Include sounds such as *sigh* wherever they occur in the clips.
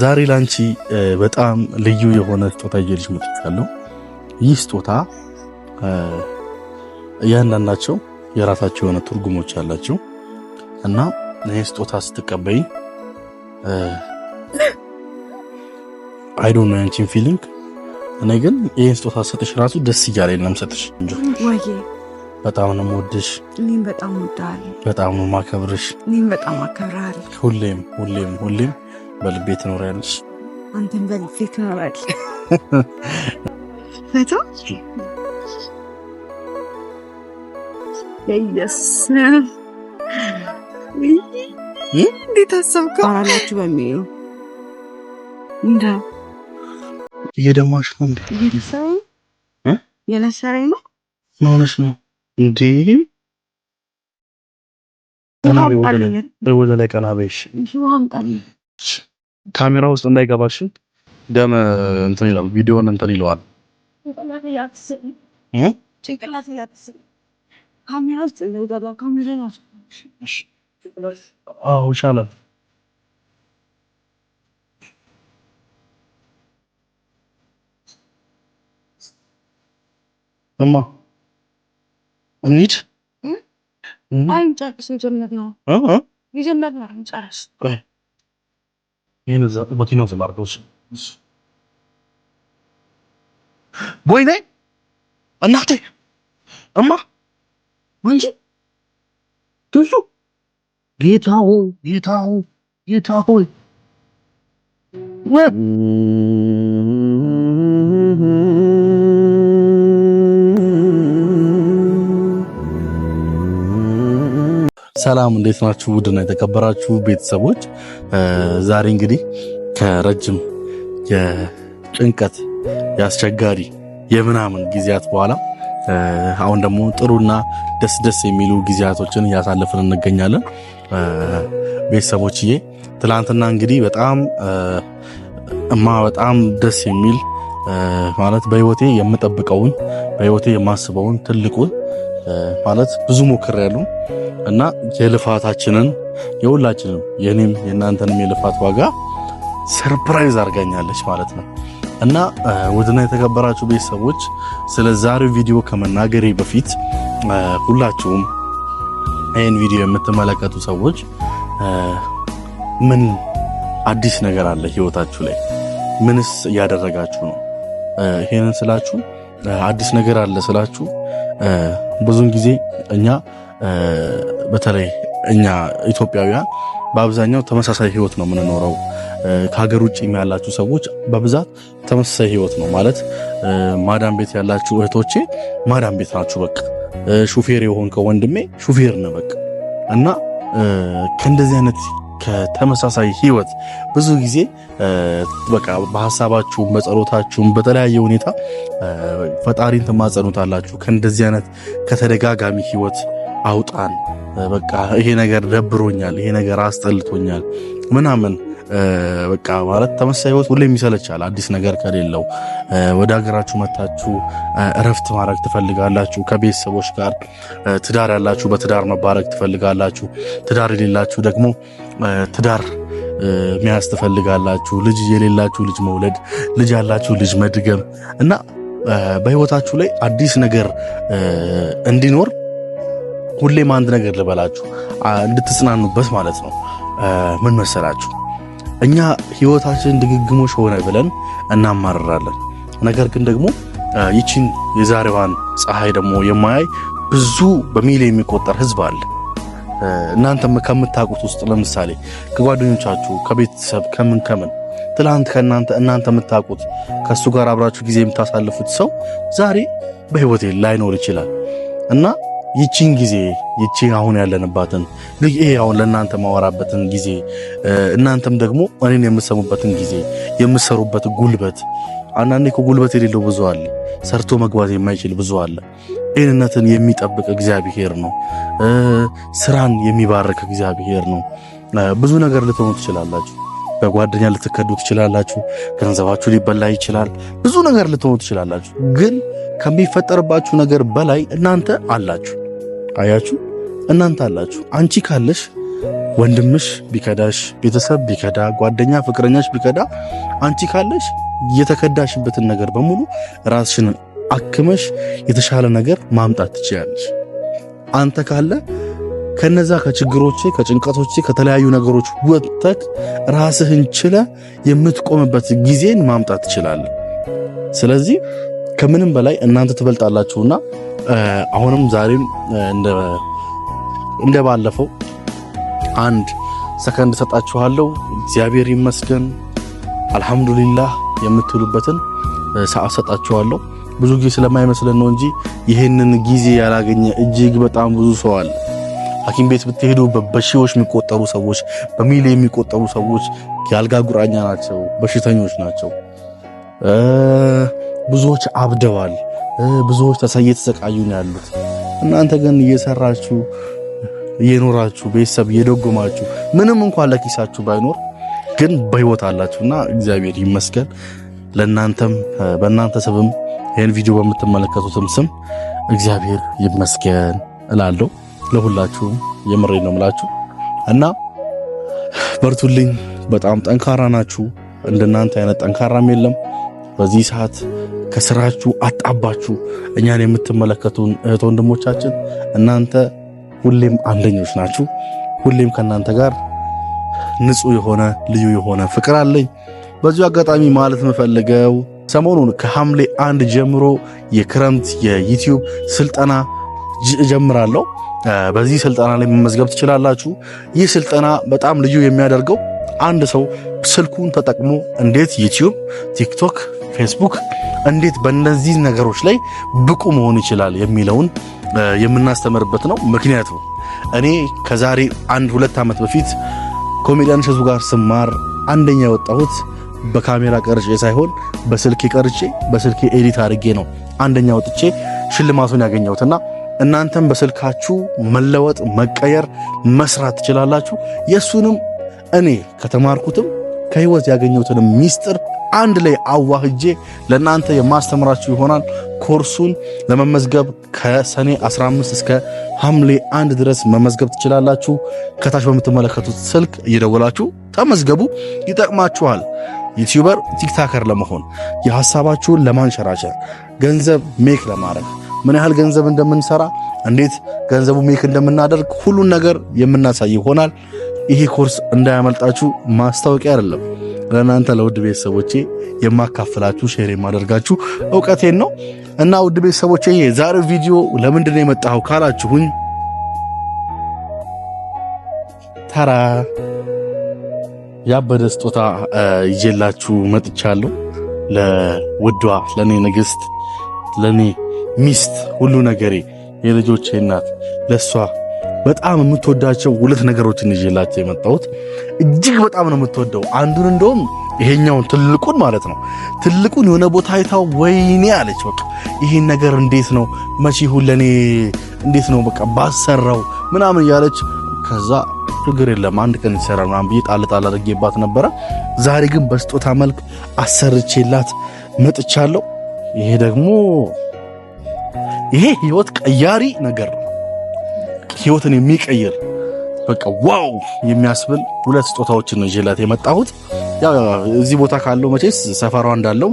ዛሬ ላንቺ በጣም ልዩ የሆነ ስጦታ ይዤልሽ መጥቻለሁ። ይህ ስጦታ እያንዳንዳቸው የራሳቸው የሆነ ትርጉሞች አላቸው እና ይህ ስጦታ ስትቀበይ አይ ዶንት ያንቺን ፊሊንግ እኔ ግን ይህን ስጦታ ሰጥሽ ራሱ ደስ እያለ የለም ሰጥሽ እንጂ በጣም ነው የምወድሽ። እኔም በጣም እወድሃለሁ። በጣም ነው የማከብርሽ። እኔም በጣም አከብርሃለሁ። ሁሌም ሁሌም ሁሌም በልቤ ትኖሪያለሽ፣ አንተም በልቤ ትኖራል። ትኖራለህ። *laughs* እንዴት አሰብከው? አላችሁ በሚለው እንደ እየደማሽ ነው። የነሰረኝ ነው ማለሽ ነው እንዴ? ወደ ላይ ቀና በይሽ ካሜራ ውስጥ እንዳይገባሽ ደም እንትን ይላል፣ ቪዲዮን እንትን ይለዋል። ይሻላል። እማ እንሂድ። አይ እንጨርስ፣ የጀመርነው የጀመርነው እንጨርስ ይህን መኪና ውስጥ ላድርገው። ወይኔ እናቴ እማ ወንጂ ትዙ ጌታ ሆይ ጌታ ሆይ ጌታ ሆይ ወይ ሰላም እንዴት ናችሁ? ውድና የተከበራችሁ ቤተሰቦች ዛሬ እንግዲህ ከረጅም የጭንቀት የአስቸጋሪ የምናምን ጊዜያት በኋላ አሁን ደግሞ ጥሩና ደስ ደስ የሚሉ ጊዜያቶችን እያሳለፍን እንገኛለን። ቤተሰቦችዬ ትላንትና እንግዲህ በጣም እማ በጣም ደስ የሚል ማለት በህይወቴ የምጠብቀውን በህይወቴ የማስበውን ትልቁን ማለት ብዙ ሞክሬያለሁ እና የልፋታችንን የሁላችንም የኔም የእናንተንም የልፋት ዋጋ ሰርፕራይዝ አድርጋኛለች ማለት ነው። እና ውድና የተከበራችሁ ቤተሰቦች ስለ ዛሬው ቪዲዮ ከመናገሬ በፊት ሁላችሁም ይህን ቪዲዮ የምትመለከቱ ሰዎች ምን አዲስ ነገር አለ ህይወታችሁ ላይ? ምንስ እያደረጋችሁ ነው? ይሄንን ስላችሁ አዲስ ነገር አለ ስላችሁ ብዙውን ጊዜ እኛ በተለይ እኛ ኢትዮጵያውያን በአብዛኛው ተመሳሳይ ህይወት ነው የምንኖረው። ከሀገር ውጭ ያላችሁ ሰዎች በብዛት ተመሳሳይ ህይወት ነው ማለት ማዳም ቤት ያላችሁ እህቶቼ ማዳም ቤት ናችሁ። በቃ ሹፌር የሆንከው ወንድሜ ሹፌር ነው በቃ እና ከእንደዚህ አይነት ከተመሳሳይ ህይወት ብዙ ጊዜ በቃ በሀሳባችሁም በጸሎታችሁም በተለያየ ሁኔታ ፈጣሪን ትማጸኑታላችሁ። ከእንደዚህ አይነት ከተደጋጋሚ ህይወት አውጣን በቃ ይሄ ነገር ደብሮኛል፣ ይሄ ነገር አስጠልቶኛል ምናምን በቃ ማለት ተመሳሳይ ህይወት ሁሌም ይሰለቻል። አዲስ ነገር ከሌለው ወደ ሀገራችሁ መታችሁ እረፍት ማድረግ ትፈልጋላችሁ። ከቤተሰቦች ጋር ትዳር ያላችሁ በትዳር መባረግ ትፈልጋላችሁ። ትዳር የሌላችሁ ደግሞ ትዳር መያዝ ትፈልጋላችሁ። ልጅ የሌላችሁ ልጅ መውለድ፣ ልጅ ያላችሁ ልጅ መድገም እና በህይወታችሁ ላይ አዲስ ነገር እንዲኖር ሁሌም አንድ ነገር ልበላችሁ እንድትጽናኑበት ማለት ነው። ምን መሰላችሁ፣ እኛ ህይወታችን ድግግሞሽ ሆነ ብለን እናማርራለን። ነገር ግን ደግሞ ይቺን የዛሬዋን ፀሐይ ደግሞ የማያይ ብዙ በሚል የሚቆጠር ህዝብ አለ። እናንተም ከምታውቁት ውስጥ ለምሳሌ ከጓደኞቻችሁ፣ ከቤተሰብ፣ ከምን ከምን ትላንት ከእናንተ እናንተ የምታውቁት ከእሱ ጋር አብራችሁ ጊዜ የምታሳልፉት ሰው ዛሬ በህይወት ላይኖር ይችላል እና ይቺን ጊዜ ይቺን አሁን ያለንባትን ይሄ አሁን ለእናንተ ማወራበትን ጊዜ እናንተም ደግሞ እኔን የምሰሙበትን ጊዜ የምሰሩበት ጉልበት። አንዳንዴ እኮ ጉልበት የሌለው ብዙ አለ፣ ሰርቶ መግባት የማይችል ብዙ አለ። ጤንነትን የሚጠብቅ እግዚአብሔር ነው። ስራን የሚባርክ እግዚአብሔር ነው። ብዙ ነገር ልትሆኑ ትችላላችሁ። በጓደኛ ልትከዱ ትችላላችሁ። ገንዘባችሁ ሊበላ ይችላል። ብዙ ነገር ልትሆኑ ትችላላችሁ ግን ከሚፈጠርባችሁ ነገር በላይ እናንተ አላችሁ። አያችሁ፣ እናንተ አላችሁ። አንቺ ካለሽ ወንድምሽ ቢከዳሽ፣ ቤተሰብ ቢከዳ፣ ጓደኛ ፍቅረኛሽ ቢከዳ፣ አንቺ ካለሽ የተከዳሽበትን ነገር በሙሉ ራስሽን አክመሽ የተሻለ ነገር ማምጣት ትችላለሽ። አንተ ካለ ከነዛ ከችግሮቼ ከጭንቀቶቼ ከተለያዩ ነገሮች ወጥተህ ራስህን ችለ የምትቆምበት ጊዜን ማምጣት ትችላለህ። ስለዚህ ከምንም በላይ እናንተ ትበልጣላችሁና አሁንም ዛሬም እንደ ባለፈው አንድ ሰከንድ ሰጣችኋለሁ። እግዚአብሔር ይመስገን አልሐምዱሊላህ የምትሉበትን ሰዓት ሰጣችኋለሁ። ብዙ ጊዜ ስለማይመስለን ነው እንጂ ይህንን ጊዜ ያላገኘ እጅግ በጣም ብዙ ሰው አለ። ሐኪም ቤት ብትሄዱ በሺዎች የሚቆጠሩ ሰዎች፣ በሚሊዮን የሚቆጠሩ ሰዎች የአልጋ ጉራኛ ናቸው፣ በሽተኞች ናቸው። ብዙዎች አብደዋል፣ ብዙዎች እየተሰቃዩ ነው ያሉት። እናንተ ግን እየሰራችሁ እየኖራችሁ ቤተሰብ እየደጎማችሁ ምንም እንኳን ለኪሳችሁ ባይኖር ግን በህይወት አላችሁና እግዚአብሔር ይመስገን። ለእናንተም በእናንተ ስብም ይህን ቪዲዮ በምትመለከቱትም ስም እግዚአብሔር ይመስገን እላለሁ። ለሁላችሁም የምሬ ነው ምላችሁ እና በርቱልኝ። በጣም ጠንካራ ናችሁ። እንደናንተ አይነት ጠንካራም የለም በዚህ ሰዓት ከስራችሁ አጣባችሁ እኛን የምትመለከቱን እህት ወንድሞቻችን እናንተ ሁሌም አንደኞች ናችሁ። ሁሌም ከእናንተ ጋር ንጹህ የሆነ ልዩ የሆነ ፍቅር አለኝ። በዚሁ አጋጣሚ ማለት የምፈልገው ሰሞኑን ከሐምሌ አንድ ጀምሮ የክረምት የዩቲዩብ ስልጠና ጀምራለሁ። በዚህ ስልጠና ላይ መመዝገብ ትችላላችሁ። ይህ ስልጠና በጣም ልዩ የሚያደርገው አንድ ሰው ስልኩን ተጠቅሞ እንዴት ዩቲዩብ፣ ቲክቶክ፣ ፌስቡክ እንዴት በእነዚህ ነገሮች ላይ ብቁ መሆን ይችላል የሚለውን የምናስተምርበት ነው። ምክንያቱም እኔ ከዛሬ አንድ ሁለት ዓመት በፊት ኮሜዲያን እሸቱ ጋር ስማር አንደኛ የወጣሁት በካሜራ ቀርጬ ሳይሆን በስልኬ ቀርጬ በስልኬ ኤዲት አድርጌ ነው አንደኛ ወጥቼ ሽልማቱን ያገኘሁትና እናንተም በስልካችሁ መለወጥ፣ መቀየር፣ መስራት ትችላላችሁ። የእሱንም እኔ ከተማርኩትም ከህይወት ያገኘሁትንም ሚስጥር አንድ ላይ አዋህጄ ለእናንተ የማስተምራችሁ ይሆናል። ኮርሱን ለመመዝገብ ከሰኔ 15 እስከ ሐምሌ አንድ ድረስ መመዝገብ ትችላላችሁ። ከታች በምትመለከቱት ስልክ እየደወላችሁ ተመዝገቡ። ይጠቅማችኋል። ዩቲዩበር፣ ቲክታከር ለመሆን የሐሳባችሁን ለማንሸራሸር ገንዘብ ሜክ ለማድረግ ምን ያህል ገንዘብ እንደምንሰራ እንዴት ገንዘቡ ሜክ እንደምናደርግ ሁሉን ነገር የምናሳይ ይሆናል። ይሄ ኮርስ እንዳያመልጣችሁ። ማስታወቂያ አይደለም። ለእናንተ ለውድ ቤተሰቦቼ የማካፈላችሁ ሼር የማደርጋችሁ እውቀቴን ነው እና ውድ ቤተሰቦቼ የዛሬው ቪዲዮ ለምንድን ነው ካላችሁኝ፣ ተራ ያበደ ስጦታ ይዤላችሁ መጥቻለሁ። ለውዷ ለእኔ ንግስት፣ ለእኔ ሚስት፣ ሁሉ ነገሬ፣ የልጆቼ እናት ለእሷ በጣም የምትወዳቸው ሁለት ነገሮችን ይዤላቸው የመጣሁት እጅግ በጣም ነው የምትወደው። አንዱን እንደውም ይሄኛውን ትልቁን ማለት ነው ትልቁን የሆነ ቦታ አይታው ወይኔ አለች፣ በቃ ይህን ነገር እንዴት ነው መቼ ሁለኔ ለእኔ እንዴት ነው በቃ ባሰራው ምናምን እያለች ከዛ ችግር የለም አንድ ቀን ይሰራል ምናምን ብዬ ጣል ጣል አድርጌባት ነበረ። ዛሬ ግን በስጦታ መልክ አሰርቼላት መጥቻለሁ። ይሄ ደግሞ ይሄ ህይወት ቀያሪ ነገር ነው። ህይወትን የሚቀይር በቃ ዋው የሚያስብል ሁለት ስጦታዎችን ነው ይዤላት የመጣሁት። እዚህ ቦታ ካለው መቼስ ሰፈሯ እንዳለው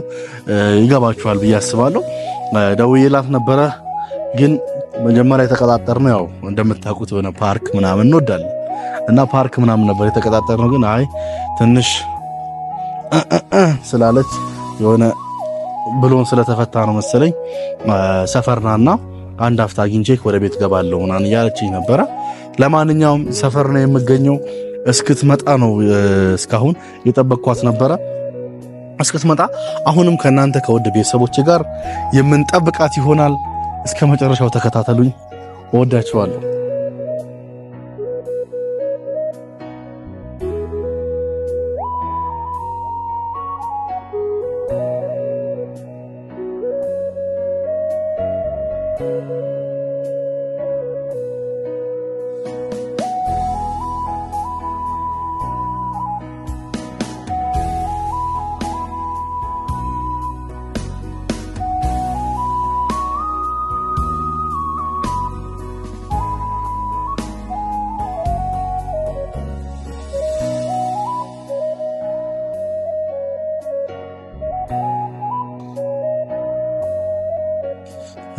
ይገባችኋል ብዬ አስባለሁ። ደውዬላት ነበረ፣ ግን መጀመሪያ የተቀጣጠርነው ያው እንደምታውቁት የሆነ ፓርክ ምናምን እንወዳለን እና ፓርክ ምናምን ነበር የተቀጣጠርነው። ግን አይ ትንሽ ስላለች የሆነ ብሎን ስለተፈታ ነው መሰለኝ ሰፈርናና አንድ አፍታ አግኝቼክ ወደ ቤት ገባለሁ ምናምን እያለችኝ ነበረ። ለማንኛውም ሰፈር ነው የምገኘው። እስክትመጣ ነው እስካሁን የጠበቅኳት ነበረ። እስክትመጣ አሁንም ከእናንተ ከወድ ቤተሰቦች ጋር የምንጠብቃት ይሆናል። እስከ መጨረሻው ተከታተሉኝ። እወዳችኋለሁ። thank you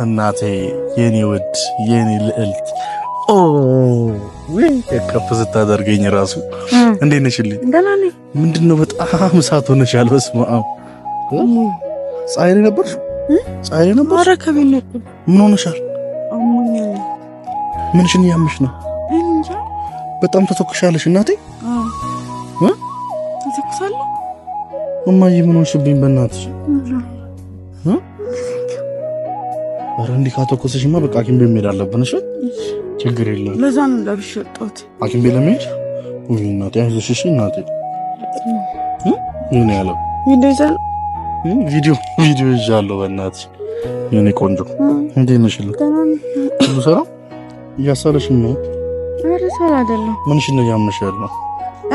እናቴ፣ የኔ ውድ፣ የኔ ልዕልት ከፍ ስታደርገኝ ራሱ እንዴት ነሽልኝ? ምንድን ነው በጣም እሳት ሆነሻል። በስመ አብ ፀሐይ ላይ ነበር ፀሐይ ላይ ነበርሽ? ኧረ ከቤት ነው። ምን ሆነሻል? ምንሽን እያመሽ ነው? በጣም ተተኩሻለሽ እናቴ። ተተኩሳለሁ እማዬ። ምን ሆንሽብኝ በእናትሽ? ኧረ እንዲህ ካተኮሰሽማ በቃ ሐኪም ቤት መሄድ አለብን። እሺ ችግር የለም። ለዛ ነው ለብሽ ወጣሁት ሐኪም ቤት ለመሄድ። ውይ እናቴ አይዞሽ። እሺ እናቴ ምን ያለው ቪዲዮ ይዛል ቪዲዮ ቪዲዮ ይዣለሁ። በእናትሽ የኔ ቆንጆ እንዴት ነሽ? ሁሉ ሰላም? እያሳለሽኝ ነው? ኧረ ሰላም አይደለም። ምንሽ ነው ያመሽ ያለው?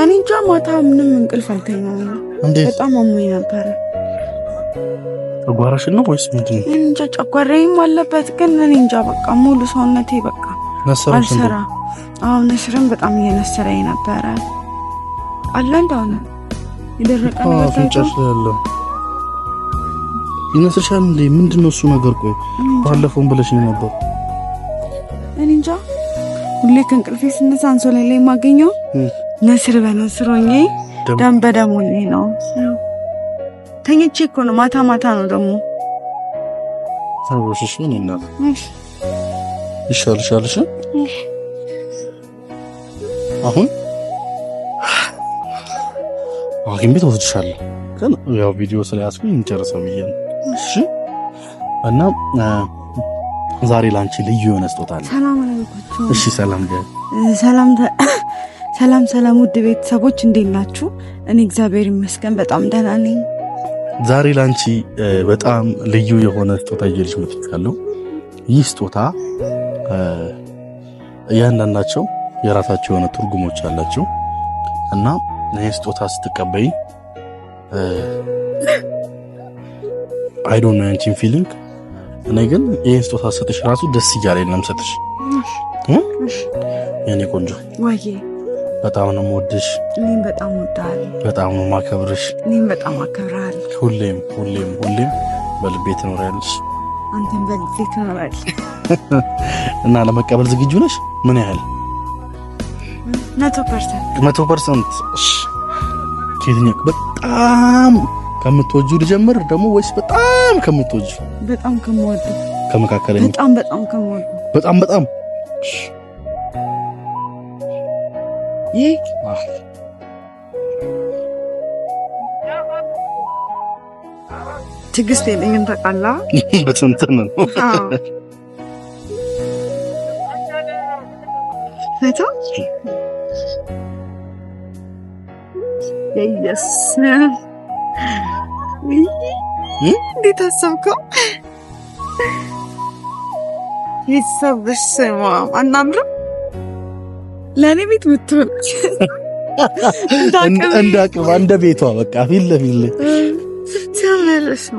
እኔ እንጃ ማታ ምንም እንቅልፍ አልተኛም። እንዴት በጣም አሞኝ ነበረ። ጨጓራሽን ነው ወይስ ምንድን ነው? እንጃ ጨጓራዬም አለበት፣ ግን እኔ እንጃ በቃ ሙሉ ሰውነቴ በቃ አልሰራ። አዎ ነስርን በጣም እየነሰረኝ ነበረ። አለ እንደሆነ የደረቀ ነገር ፍንጫሽ ላይ ያለው ይነስርሻል እንዴ? ምንድን ነው እሱ ነገር? ቆይ ባለፈውን ብለሽ ነው ነበር። እኔ እንጃ ሁሌ ከእንቅልፌ ስነሳ አንሶላ ላይ የማገኘው ነስር በነስሮኝ ደም በደም ነው። ተኝቼ እኮ ነው። ማታ ማታ ነው ደግሞ ታውሽሽ ምን ይናል ይሻልሻል። እሺ አሁን ሐኪም ቤት ወስድሻለሁ፣ ግን ያው ቪዲዮ ስለያዝኩኝ እንጨርሰው ብዬ ነው። እሺ እና ዛሬ ላንቺ ልዩ የሆነ ስጦታ አለ። ሰላም አለኩት። እሺ ሰላም ጋር ሰላም ሰላም ሰላም። ውድ ቤተሰቦች እንዴት ናችሁ? እኔ እግዚአብሔር ይመስገን በጣም ደህና ነኝ። ዛሬ ላንቺ በጣም ልዩ የሆነ ስጦታ ይዤልሽ መጥቻለሁ። ይህ ስጦታ እያንዳንዳቸው የራሳቸው የሆነ ትርጉሞች አላቸው እና ይህ ስጦታ ስትቀበይ አይ ዶንት ኖ ያንቺን ፊሊንግ እኔ ግን ይህን ስጦታ ሰጥሽ ራሱ ደስ እያለኝ ነው የምሰጥሽ የኔ ቆንጆ በጣም ነው የምወድሽ። እኔም በጣም ወዳል። በጣም ነው ማከብርሽ። እኔም በጣም አከብራል። ሁሌም ሁሌም ሁሌም በልቤ ትኖሪያለሽ። አንተም በልቤ ትኖራል *laughs* እና ለመቀበል ዝግጁ ነሽ? ምን ያህል? መቶ ፐርሰንት መቶ ፐርሰንት። ከየትኛው በጣም ከምትወጁ ልጀምር ደግሞ ወይስ በጣም ከምትወጁ? በጣም ከምወዱ ከመካከለኛ በጣም በጣም ከምወዱ በጣም በጣም ይህ ባህል ትዕግስት የለኝም ተቃላ በትንትን ነው እንዴት አሰብከው? ቤተሰብ በስመ አብ አናምርም ለእኔ ቤት ምትሆን እንዳቅማ እንደ ቤቷ በቃ ፊት ለፊት ላይ ስትመለስ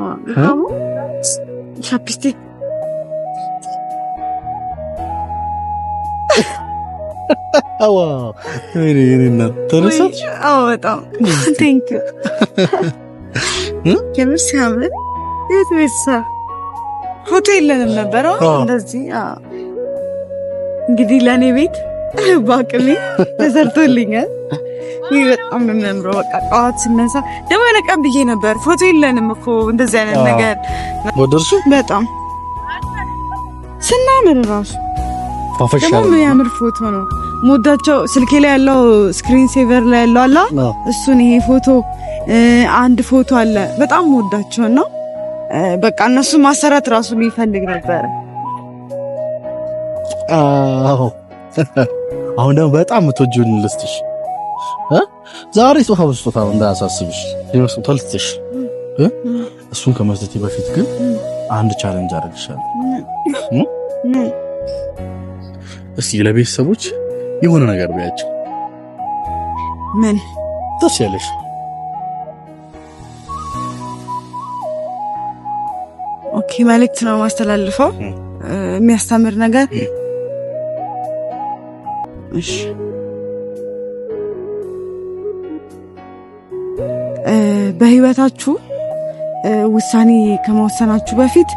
ቻፕስቲክ ሆቴል ለንም ነበረው እንደዚህ እንግዲህ ለእኔ ቤት ባቅሊ *laughs* ተሰርቶልኛል። ይህ በጣም ነው የሚያምረው። በቃ ጠዋት ስነሳ ደግሞ የሆነ ቀን ብዬ ነበር ፎቶ የለንም እኮ እንደዚህ አይነት ነገር ወደርሱ በጣም ስናምር ራሱ ደግሞ የሚያምር ፎቶ ነው። ሞዳቸው ስልኬ ላይ ያለው ስክሪን ሴቨር ላይ ያለው አላ እሱን ይሄ ፎቶ አንድ ፎቶ አለ በጣም ሞዳቸው ነው። በቃ እነሱ ማሰራት ራሱ ሊፈልግ ነበር። አዎ አሁን ደግሞ በጣም የምትወጂውን ልስጥሽ። ዛሬ ስጦታ በስጦታ ነው እንዳያሳስብሽ። ስጦታ ልስጥሽ። እሱን ከመስጠቴ በፊት ግን አንድ ቻለንጅ አደርግሻለሁ። እስቲ ለቤተሰቦች የሆነ ነገር ብያቸው። ምን ደስ ያለሽ? ኦኬ መልእክት ነው ማስተላልፈው የሚያስተምር ነገር እሺ በህይወታችሁ ውሳኔ ከመወሰናችሁ በፊት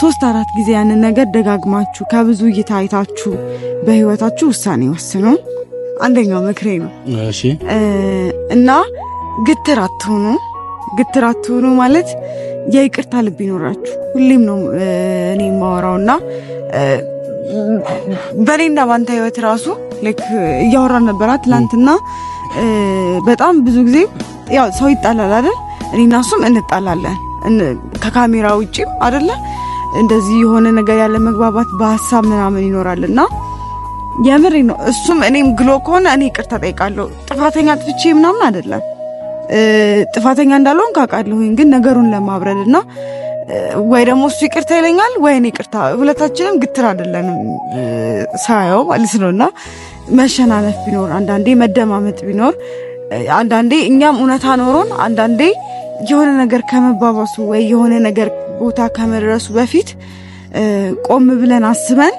ሶስት አራት ጊዜ ያንን ነገር ደጋግማችሁ ከብዙ እይታ አይታችሁ በህይወታችሁ ውሳኔ ወስኑ። አንደኛው ምክሬ ነው። እና ግትር አትሆኑ። ግትር አትሆኑ ማለት የይቅርታ ልብ ይኖራችሁ። ሁሌም ነው እኔ የማወራው የማወራውና በእኔና ባንተ ህይወት ራሱ ልክ እያወራን ነበር ትላንትና። በጣም ብዙ ጊዜ ያው ሰው ይጣላል አይደል? እኔና እሱም እንጣላለን ከካሜራ ውጭም አደለ? እንደዚህ የሆነ ነገር ያለ መግባባት በሀሳብ ምናምን ይኖራል እና የምሬ ነው። እሱም እኔም ግሎ ከሆነ እኔ ይቅርታ ጠይቃለሁ። ጥፋተኛ ጥፍቼ ምናምን አይደለም። ጥፋተኛ እንዳልሆን ካውቃለሁኝ፣ ግን ነገሩን ለማብረድ እና ወይ ደግሞ እሱ ይቅርታ ይለኛል ወይ እኔ ይቅርታ፣ ሁለታችንም ግትር አይደለንም ሳየው ማለት ነው። እና መሸናነፍ ቢኖር አንዳንዴ መደማመጥ ቢኖር አንዳንዴ እኛም እውነታ ኖሮን አንዳንዴ የሆነ ነገር ከመባባሱ ወይ የሆነ ነገር ቦታ ከመድረሱ በፊት ቆም ብለን አስበን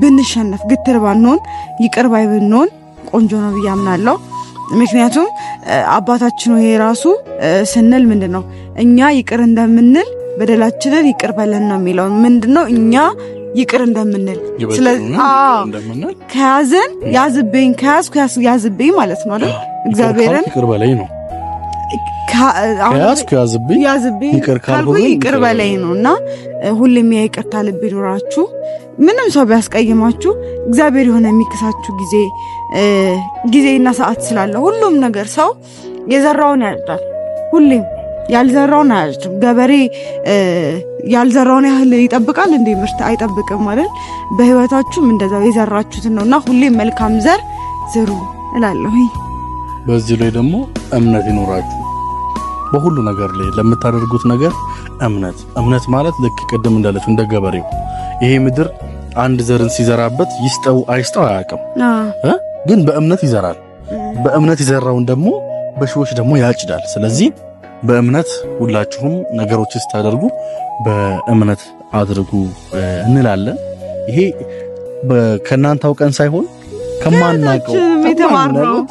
ብንሸነፍ ግትር ባንሆን ይቅር ባይ ብንሆን ቆንጆ ነው ብዬ አምናለሁ። ምክንያቱም አባታችን ይሄ ራሱ ስንል ምንድን ነው እኛ ይቅር እንደምንል በደላችንን ይቅር በለን ነው የሚለው። ምንድን ነው እኛ ይቅር እንደምንል ከያዘን ያዝብኝ ከያዝኩ ያዝብኝ ማለት ነው አይደል? እግዚአብሔርን ይቅር በለኝ ነው ከያዝኩ ያዝብኝ ያዝብኝ ካልኩ ይቅር በለኝ ነው እና ሁሌም የይቅርታ ልብ ይኖራችሁ። ምንም ሰው ቢያስቀይማችሁ እግዚአብሔር የሆነ የሚክሳችሁ ጊዜ ጊዜና ሰዓት ስላለ ሁሉም ነገር ሰው የዘራውን ያጭዳል ሁሌም ያልዘራውን አያጭድም። ገበሬ ያልዘራውን ያህል ይጠብቃል እንዴ? ምርት አይጠብቅም ማለት። በህይወታችሁም እንደዛው የዘራችሁትን ነው እና ሁሌም መልካም ዘር ዝሩ እላለሁ። በዚህ ላይ ደግሞ እምነት ይኖራችሁ በሁሉ ነገር ላይ ለምታደርጉት ነገር እምነት እምነት ማለት ልክ ቅድም እንዳለች እንደ ገበሬው ይሄ ምድር አንድ ዘርን ሲዘራበት ይስጠው አይስጠው አያውቅም፣ ግን በእምነት ይዘራል። በእምነት ይዘራው ደግሞ በሺዎች ደግሞ ያጭዳል። ስለዚህ በእምነት ሁላችሁም ነገሮች ስታደርጉ በእምነት አድርጉ እንላለን። ይሄ ከእናንተ አውቀን ሳይሆን ከማናውቀው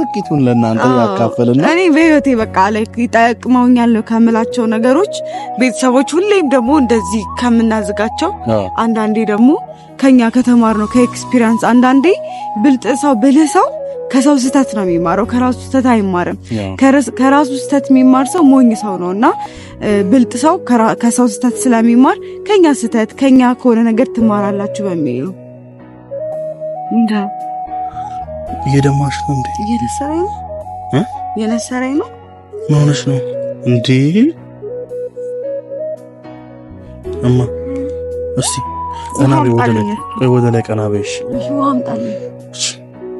ጥቂቱን ለእናንተ ያካፈልና እኔ በህይወቴ በቃ ላይ ይጠቅመውኛለሁ ከምላቸው ነገሮች ቤተሰቦች ሁሌም ደግሞ እንደዚህ ከምናዝጋቸው አንዳንዴ ደግሞ ከኛ ከተማር ነው ከኤክስፒሪንስ አንዳንዴ ብልጥ ሰው ብልህ ሰው ከሰው ስህተት ነው የሚማረው፣ ከራሱ ስህተት አይማርም። ከራሱ ስህተት የሚማር ሰው ሞኝ ሰው ነው እና ብልጥ ሰው ከሰው ስህተት ስለሚማር ከኛ ስህተት ከኛ ከሆነ ነገር ትማራላችሁ በሚል ነው። እየደማሽ ነው እንዴ? እየነሰረኝ ነው እ እየነሰረኝ ነው። ምን ሆነሽ ነው እንዴ? እማ እስቲ ቀና ወደ ላይ ቀና በይሽ።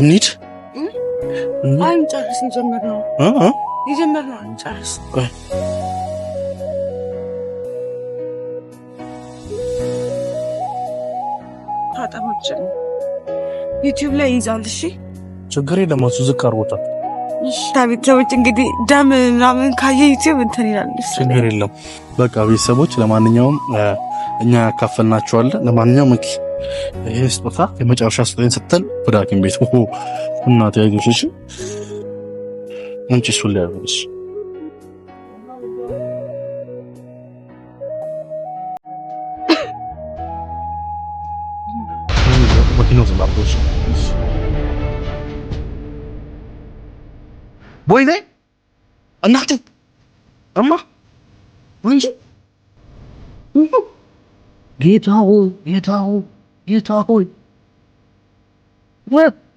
እንሂድ። አይ ጨርስ፣ እንጀምር ነው ይጀምር ነው ጨርስ ታጠቦችን ዩቲዩብ ላይ ይይዛል። እሺ ችግር የለም። እሱ ዝቅ አድርጎታል። ቤተሰቦች እንግዲህ ደም ምናምን ካየ ዩቲዩብ እንትን ይላል። ችግር የለም። በቃ ቤተሰቦች፣ ለማንኛውም እኛ ያካፈልናቸዋለን። ለማንኛውም ይህ ስጦታ የመጨረሻ ስጦታን ስትል ወደ ሐኪም ቤት እና ተያይዞች አንቺ እሱን ላይ ያለች ቦይ እናት እማ ወንጂ ጌታው ጌታው You talk with. What?